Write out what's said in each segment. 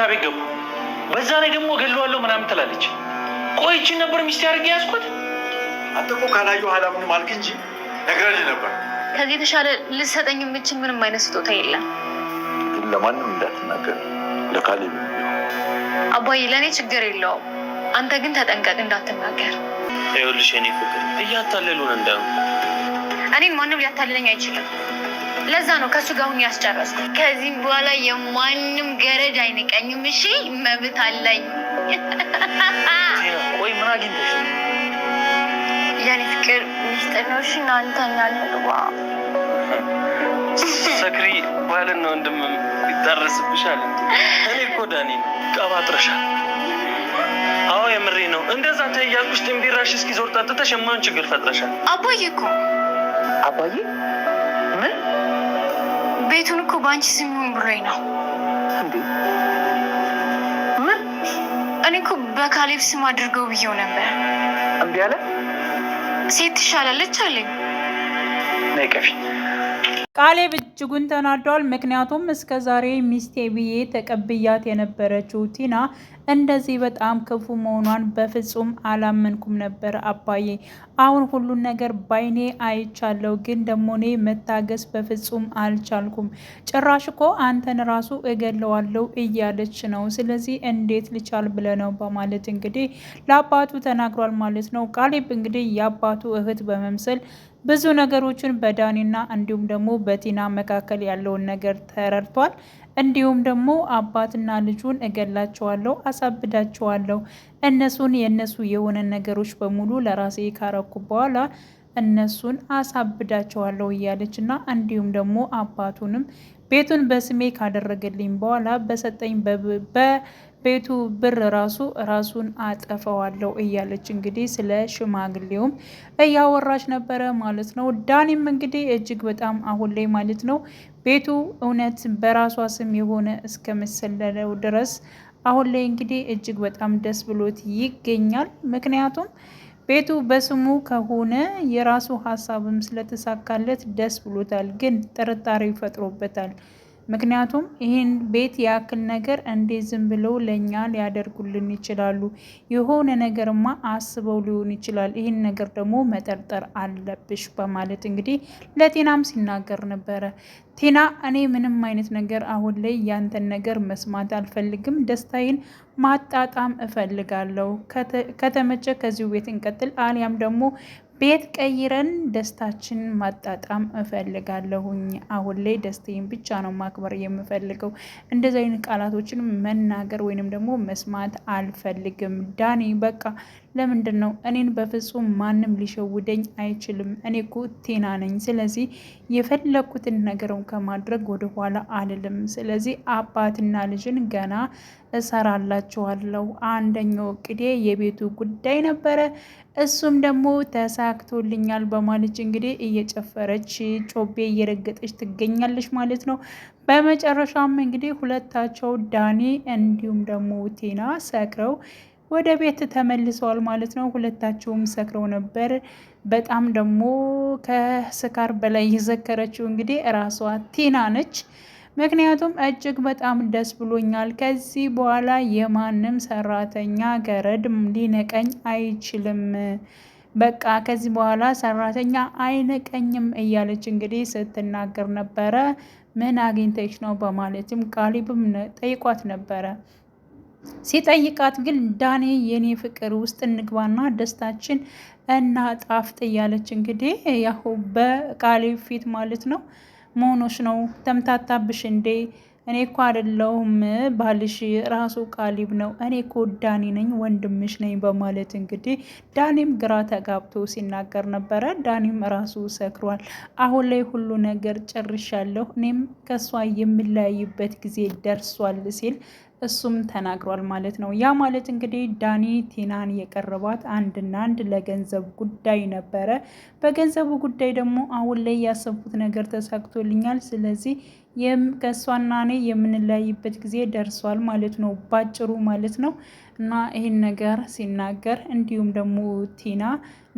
መኝታ ቤት ገቡ። በዛ ላይ ደግሞ እገለዋለሁ ምናምን ትላለች። ቆይችን ነበር ሚስቴ አድርጌ ያዝኩት። አንተ እኮ ኋላ ምንም አልክ እንጂ ነግረን ነበር። ከዚህ የተሻለ ልሰጠኝ የምችል ምንም አይነት ስጦታ የለም። ግን ለማንም እንዳትናገር ለካሌብ። አባዬ ለእኔ ችግር የለውም። አንተ ግን ተጠንቀቅ እንዳትናገር። ይኸውልሽ የእኔ ፍቅር እያታለሉን እንዳሉ እኔን ማንም ሊያታልለኝ አይችልም። ለዛ ነው ከሱ ጋር ሁን ያስጨረስኩ። ከዚህም በኋላ የማንም ገረድ አይንቀኝም። እሺ መብት አለኝ። ቆይ ምን አግኝተሽ የኔ ፍቅር ሚስጥር ነው። እሺ ናንተኛ ሰክሪ ሰክሪ ነው ወንድም ይዳረስብሻል። እኔ እኮ ዳኒ ቀባጥረሻል። አዎ የምሬ ነው። እንደዛ ተያልኩሽ ጥንቢራሽ እስኪዞር ጠጥተሽ የማን ችግር ፈጥረሻል። አባዬ እኮ አባዬ ቤቱን እኮ በአንቺ ስም ይሁን ብሎኝ ነው። ምን? እኔ እኮ በካሌብ ስም አድርገው ብዬው ነበር። እምቢ አለ። ሴት ትሻላለች አለኝ። ነይ ቀፊ ቃሌብ እጅጉን ተናዷል። ምክንያቱም እስከ ዛሬ ሚስቴ ብዬ ተቀብያት የነበረችው ቲና እንደዚህ በጣም ክፉ መሆኗን በፍጹም አላመንኩም ነበር አባዬ። አሁን ሁሉን ነገር ባይኔ አይቻለሁ፣ ግን ደግሞ እኔ መታገስ በፍጹም አልቻልኩም። ጭራሽ እኮ አንተን ራሱ እገለዋለሁ እያለች ነው። ስለዚህ እንዴት ልቻል ብለ ነው በማለት እንግዲህ ለአባቱ ተናግሯል ማለት ነው። ቃሊብ እንግዲህ የአባቱ እህት በመምሰል ብዙ ነገሮችን በዳኒና እንዲሁም ደግሞ በቲና መካከል ያለውን ነገር ተረድቷል። እንዲሁም ደግሞ አባትና ልጁን እገላቸዋለሁ፣ አሳብዳቸዋለሁ እነሱን የእነሱ የሆነ ነገሮች በሙሉ ለራሴ ካረኩ በኋላ እነሱን አሳብዳቸዋለሁ እያለች እና እንዲሁም ደግሞ አባቱንም ቤቱን በስሜ ካደረገልኝ በኋላ በሰጠኝ በ ቤቱ ብር ራሱ ራሱን አጠፈዋለሁ እያለች እንግዲህ ስለ ሽማግሌውም እያወራች ነበረ ማለት ነው። ዳኒም እንግዲህ እጅግ በጣም አሁን ላይ ማለት ነው ቤቱ እውነት በራሷ ስም የሆነ እስከ መሰለለው ድረስ አሁን ላይ እንግዲህ እጅግ በጣም ደስ ብሎት ይገኛል። ምክንያቱም ቤቱ በስሙ ከሆነ የራሱ ሀሳብም ስለተሳካለት ደስ ብሎታል። ግን ጥርጣሬ ይፈጥሮበታል። ምክንያቱም ይህን ቤት ያክል ነገር እንዴት ዝም ብለው ለእኛ ሊያደርጉልን ይችላሉ? የሆነ ነገርማ አስበው ሊሆን ይችላል። ይህን ነገር ደግሞ መጠርጠር አለብሽ በማለት እንግዲህ ለቴናም ሲናገር ነበረ። ቴና እኔ ምንም አይነት ነገር አሁን ላይ ያንተን ነገር መስማት አልፈልግም፣ ደስታዬን ማጣጣም እፈልጋለሁ። ከተመቸ ከዚሁ ቤት እንቀጥል፣ አሊያም ደግሞ ቤት ቀይረን ደስታችን ማጣጣም እፈልጋለሁኝ። አሁን ላይ ደስታዬን ብቻ ነው ማክበር የምፈልገው። እንደዚህ አይነት ቃላቶችን መናገር ወይንም ደግሞ መስማት አልፈልግም። ዳኒ በቃ ለምንድን ነው እኔን በፍጹም ማንም ሊሸውደኝ አይችልም። እኔ እኮ ቴና ነኝ። ስለዚህ የፈለግኩትን ነገረው ከማድረግ ወደኋላ አልልም። ስለዚህ አባትና ልጅን ገና እሰራላችኋለሁ። አንደኛው እቅዴ የቤቱ ጉዳይ ነበረ። እሱም ደግሞ ተሳክቶልኛል በማለች እንግዲህ እየጨፈረች ጮቤ እየረገጠች ትገኛለች ማለት ነው። በመጨረሻም እንግዲህ ሁለታቸው ዳኒ እንዲሁም ደግሞ ቴና ሰክረው ወደ ቤት ተመልሰዋል ማለት ነው። ሁለታቸውም ሰክረው ነበር። በጣም ደግሞ ከስካር በላይ የዘከረችው እንግዲህ እራሷ ቲና ነች። ምክንያቱም እጅግ በጣም ደስ ብሎኛል፣ ከዚህ በኋላ የማንም ሰራተኛ ገረድ ሊነቀኝ አይችልም፣ በቃ ከዚህ በኋላ ሰራተኛ አይነቀኝም እያለች እንግዲህ ስትናገር ነበረ። ምን አግኝተች ነው በማለትም ቃሊብም ጠይቋት ነበረ። ሲጠይቃት ግን ዳኔ የኔ ፍቅር ውስጥ እንግባና ደስታችን እና ጣፍጥ እያለች እንግዲህ ያው በቃሌ ፊት ማለት ነው መሆኖች ነው ተምታታብሽ እንዴ እኔ እኮ አይደለሁም ባልሽ ራሱ ቃሊብ ነው፣ እኔ እኮ ዳኒ ነኝ ወንድምሽ ነኝ በማለት እንግዲህ ዳኒም ግራ ተጋብቶ ሲናገር ነበረ። ዳኒም ራሱ ሰክሯል። አሁን ላይ ሁሉ ነገር ጨርሻለሁ፣ እኔም ከእሷ የምለያይበት ጊዜ ደርሷል ሲል እሱም ተናግሯል ማለት ነው። ያ ማለት እንግዲህ ዳኒ ቲናን የቀረባት አንድና አንድ ለገንዘብ ጉዳይ ነበረ። በገንዘቡ ጉዳይ ደግሞ አሁን ላይ ያሰብኩት ነገር ተሳክቶልኛል፣ ስለዚህ ከእሷና እኔ የምንለያይበት ጊዜ ደርሷል ማለት ነው፣ ባጭሩ ማለት ነው። እና ይህን ነገር ሲናገር እንዲሁም ደግሞ ቲና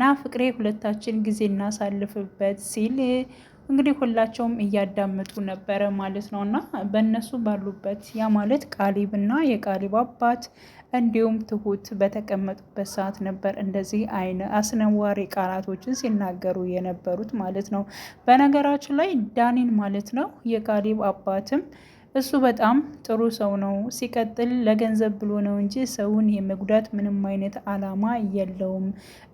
ና ፍቅሬ ሁለታችን ጊዜ እናሳልፍበት ሲል እንግዲህ ሁላቸውም እያዳመጡ ነበረ ማለት ነው። እና በእነሱ ባሉበት ያ ማለት ቃሊብ እና የቃሊብ አባት እንዲሁም ትሁት በተቀመጡበት ሰዓት ነበር እንደዚህ አይነ አስነዋሪ ቃላቶችን ሲናገሩ የነበሩት ማለት ነው። በነገራችን ላይ ዳኒን ማለት ነው የጋሊብ አባትም እሱ በጣም ጥሩ ሰው ነው። ሲቀጥል ለገንዘብ ብሎ ነው እንጂ ሰውን የመጉዳት ምንም አይነት አላማ የለውም።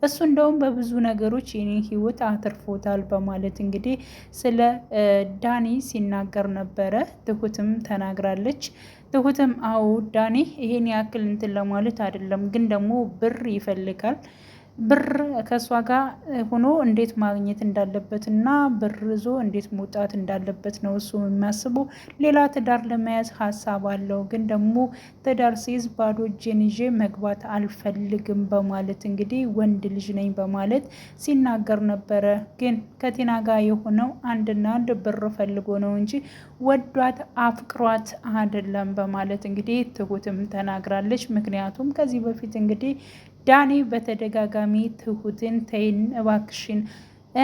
እሱ እንደውም በብዙ ነገሮች የኔን ህይወት አትርፎታል በማለት እንግዲህ ስለ ዳኒ ሲናገር ነበረ። ትሁትም ተናግራለች። ትሁትም አዎ ዳኒ ይሄን ያክል እንትን ለማለት አይደለም፣ ግን ደግሞ ብር ይፈልጋል ብር ከእሷ ጋር ሆኖ እንዴት ማግኘት እንዳለበት እና ብር ይዞ እንዴት መውጣት እንዳለበት ነው እሱ የሚያስበው። ሌላ ትዳር ለመያዝ ሀሳብ አለው፣ ግን ደግሞ ትዳር ሲይዝ ባዶ እጄን ይዤ መግባት አልፈልግም በማለት እንግዲህ ወንድ ልጅ ነኝ በማለት ሲናገር ነበረ። ግን ከቴና ጋር የሆነው አንድና አንድ ብር ፈልጎ ነው እንጂ ወዷት አፍቅሯት አይደለም በማለት እንግዲህ ትሁትም ተናግራለች። ምክንያቱም ከዚህ በፊት እንግዲህ ዳኔ በተደጋጋሚ ትሁትን ተይን እባክሽን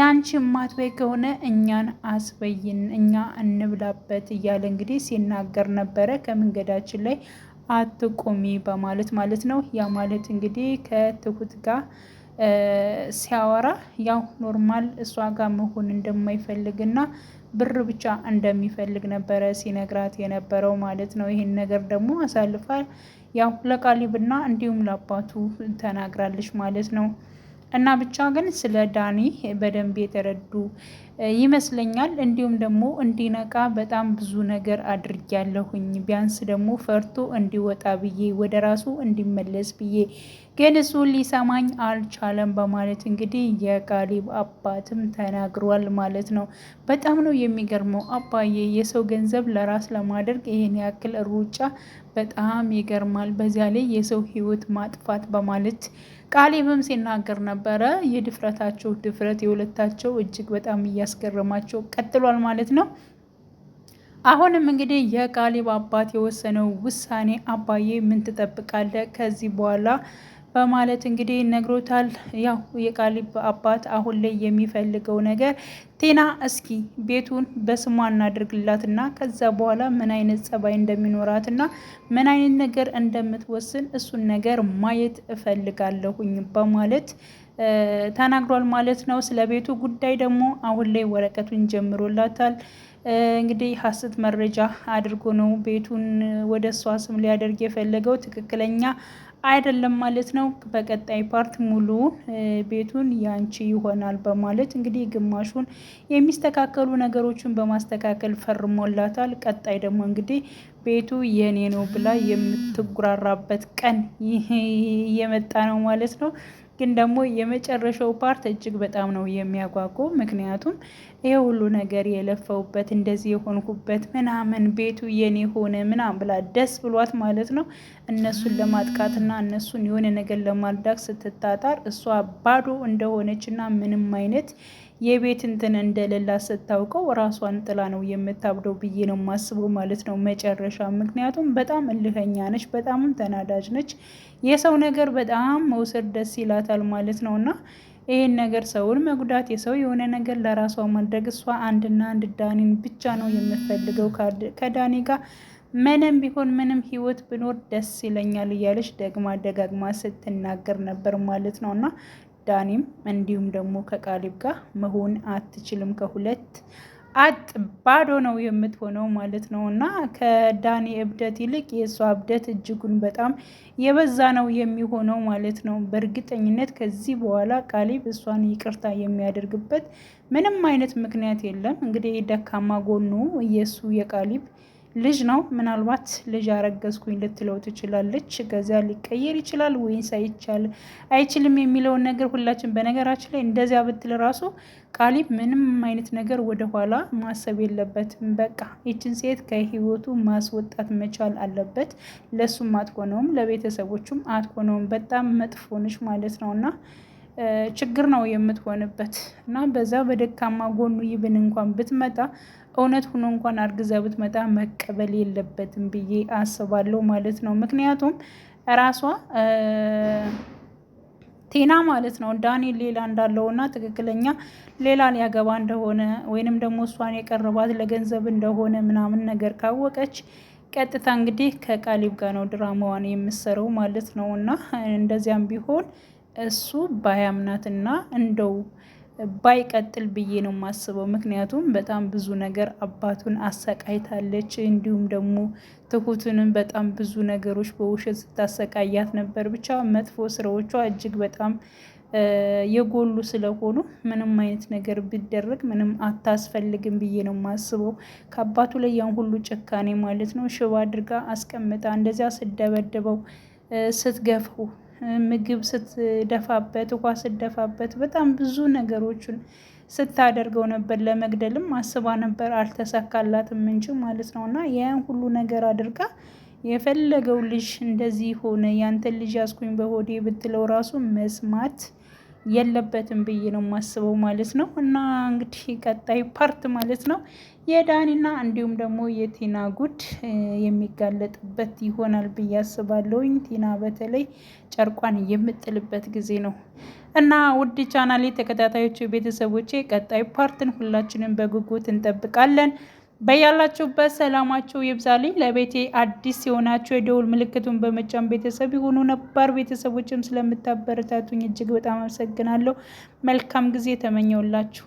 አንቺ ማትበይ ከሆነ እኛን አስበይን እኛ እንብላበት እያለ እንግዲህ ሲናገር ነበረ። ከመንገዳችን ላይ አትቁሚ በማለት ማለት ነው። ያ ማለት እንግዲህ ከትሁት ጋር ሲያወራ ያው ኖርማል እሷ ጋር መሆን እንደማይፈልግና ብር ብቻ እንደሚፈልግ ነበረ ሲነግራት የነበረው ማለት ነው። ይህን ነገር ደግሞ አሳልፋል ያው ለቃሊብና እንዲሁም ለአባቱ ተናግራለች ማለት ነው። እና ብቻ ግን ስለ ዳኒ በደንብ የተረዱ ይመስለኛል። እንዲሁም ደግሞ እንዲነቃ በጣም ብዙ ነገር አድርጊያለሁኝ። ቢያንስ ደግሞ ፈርቶ እንዲወጣ ብዬ ወደ ራሱ እንዲመለስ ብዬ ግን እሱ ሊሰማኝ አልቻለም በማለት እንግዲህ የቃሊብ አባትም ተናግሯል ማለት ነው። በጣም ነው የሚገርመው አባዬ፣ የሰው ገንዘብ ለራስ ለማድረግ ይህን ያክል ሩጫ በጣም ይገርማል። በዚያ ላይ የሰው ህይወት ማጥፋት በማለት ቃሊብም ሲናገር ነበረ። የድፍረታቸው ድፍረት የሁለታቸው እጅግ በጣም እያስገረማቸው ቀጥሏል ማለት ነው። አሁንም እንግዲህ የቃሊብ አባት የወሰነው ውሳኔ አባዬ ምን ትጠብቃለህ ከዚህ በኋላ በማለት እንግዲህ ነግሮታል። ያው የቃሊብ አባት አሁን ላይ የሚፈልገው ነገር ቴና እስኪ ቤቱን በስሟ እናድርግላትና ከዛ በኋላ ምን አይነት ጸባይ እንደሚኖራትና ምን አይነት ነገር እንደምትወስን እሱን ነገር ማየት እፈልጋለሁኝ በማለት ተናግሯል ማለት ነው። ስለ ቤቱ ጉዳይ ደግሞ አሁን ላይ ወረቀቱን ጀምሮላታል። እንግዲህ ሀሰት መረጃ አድርጎ ነው ቤቱን ወደ እሷ ስም ሊያደርግ የፈለገው ትክክለኛ አይደለም ማለት ነው። በቀጣይ ፓርት ሙሉ ቤቱን ያንቺ ይሆናል በማለት እንግዲህ ግማሹን የሚስተካከሉ ነገሮችን በማስተካከል ፈርሞላታል። ቀጣይ ደግሞ እንግዲህ ቤቱ የኔ ነው ብላ የምትጉራራበት ቀን እየመጣ ነው ማለት ነው። ግን ደግሞ የመጨረሻው ፓርት እጅግ በጣም ነው የሚያጓጉ። ምክንያቱም ይህ ሁሉ ነገር የለፈውበት እንደዚህ የሆንኩበት ምናምን ቤቱ የኔ ሆነ ምናምን ብላ ደስ ብሏት ማለት ነው እነሱን ለማጥቃትና እነሱን የሆነ ነገር ለማልዳቅ ስትታጣር እሷ ባዶ እንደሆነችና ምንም አይነት የቤት እንትን እንደሌላ ስታውቀው ራሷን ጥላ ነው የምታብደው ብዬ ነው የማስበው ማለት ነው መጨረሻ። ምክንያቱም በጣም እልህኛ ነች፣ በጣምም ተናዳጅ ነች። የሰው ነገር በጣም መውሰድ ደስ ይላታል ማለት ነው እና ይህን ነገር ሰውን መጉዳት የሰው የሆነ ነገር ለራሷ ማድረግ እሷ አንድና አንድ ዳኒን ብቻ ነው የምፈልገው ከዳኒ ጋር ምንም ቢሆን ምንም ህይወት ብኖር ደስ ይለኛል እያለች ደግማ ደጋግማ ስትናገር ነበር ማለት ነው እና ዳኒም እንዲሁም ደግሞ ከቃሊብ ጋር መሆን አትችልም። ከሁለት አጥ ባዶ ነው የምትሆነው ማለት ነው። እና ከዳኒ እብደት ይልቅ የእሷ እብደት እጅጉን በጣም የበዛ ነው የሚሆነው ማለት ነው። በእርግጠኝነት ከዚህ በኋላ ቃሊብ እሷን ይቅርታ የሚያደርግበት ምንም አይነት ምክንያት የለም። እንግዲህ ደካማ ጎኑ የእሱ የቃሊብ ልጅ ነው። ምናልባት ልጅ አረገዝኩኝ ልትለው ትችላለች። ከዚያ ሊቀየር ይችላል ወይንስ አይቻል አይችልም የሚለውን ነገር ሁላችን በነገራችን ላይ እንደዚያ ብትል ራሱ ቃሊ ምንም አይነት ነገር ወደኋላ ማሰብ የለበትም። በቃ ይችን ሴት ከህይወቱ ማስወጣት መቻል አለበት። ለሱም አትሆነውም፣ ለቤተሰቦቹም አትሆነውም። በጣም መጥፎ ነች ማለት ነው እና ችግር ነው የምትሆንበት እና በዛ በደካማ ጎኑ ይብን እንኳን ብትመጣ እውነት ሁኖ እንኳን አርግዛ ብትመጣ መቀበል የለበትም ብዬ አስባለሁ ማለት ነው። ምክንያቱም ራሷ ቴና ማለት ነው ዳኒል ሌላ እንዳለው እና ትክክለኛ ሌላ ሊያገባ እንደሆነ ወይንም ደግሞ እሷን የቀረባት ለገንዘብ እንደሆነ ምናምን ነገር ካወቀች ቀጥታ እንግዲህ ከቃሊብ ጋር ነው ድራማዋን የምሰረው ማለት ነው። እና እንደዚያም ቢሆን እሱ ባያምናትና እንደው ባይቀጥል ብዬ ነው የማስበው። ምክንያቱም በጣም ብዙ ነገር አባቱን አሰቃይታለች። እንዲሁም ደግሞ ትሁትንም በጣም ብዙ ነገሮች በውሸት ስታሰቃያት ነበር። ብቻ መጥፎ ስራዎቿ እጅግ በጣም የጎሉ ስለሆኑ ምንም አይነት ነገር ቢደረግ ምንም አታስፈልግም ብዬ ነው የማስበው። ከአባቱ ላይ ያን ሁሉ ጭካኔ ማለት ነው ሽባ አድርጋ አስቀምጣ እንደዚያ ስደበድበው ስትገፋው ምግብ ስትደፋበት፣ ውሃ ስትደፋበት፣ በጣም ብዙ ነገሮችን ስታደርገው ነበር። ለመግደልም አስባ ነበር አልተሳካላትም እንጂ ማለት ነው። እና ያን ሁሉ ነገር አድርጋ የፈለገው ልጅ እንደዚህ ሆነ ያንተን ልጅ ያስኩኝ በሆዴ ብትለው ራሱ መስማት የለበትም ብዬ ነው የማስበው ማለት ነው። እና እንግዲህ ቀጣይ ፓርት ማለት ነው የዳኒና እንዲሁም ደግሞ የቲና ጉድ የሚጋለጥበት ይሆናል ብዬ አስባለሁኝ። ቲና በተለይ ጨርቋን የምጥልበት ጊዜ ነው። እና ውድ ቻናሌ ተከታታዮች ቤተሰቦቼ ቀጣይ ፓርትን ሁላችንም በጉጉት እንጠብቃለን። በያላችሁበት ሰላማችሁ ይብዛልኝ። ለቤቴ አዲስ የሆናችሁ የደውል ምልክቱን በመጫን ቤተሰብ የሆኑ ነባር ቤተሰቦችም ስለምታበረታቱኝ እጅግ በጣም አመሰግናለሁ። መልካም ጊዜ ተመኘውላችሁ።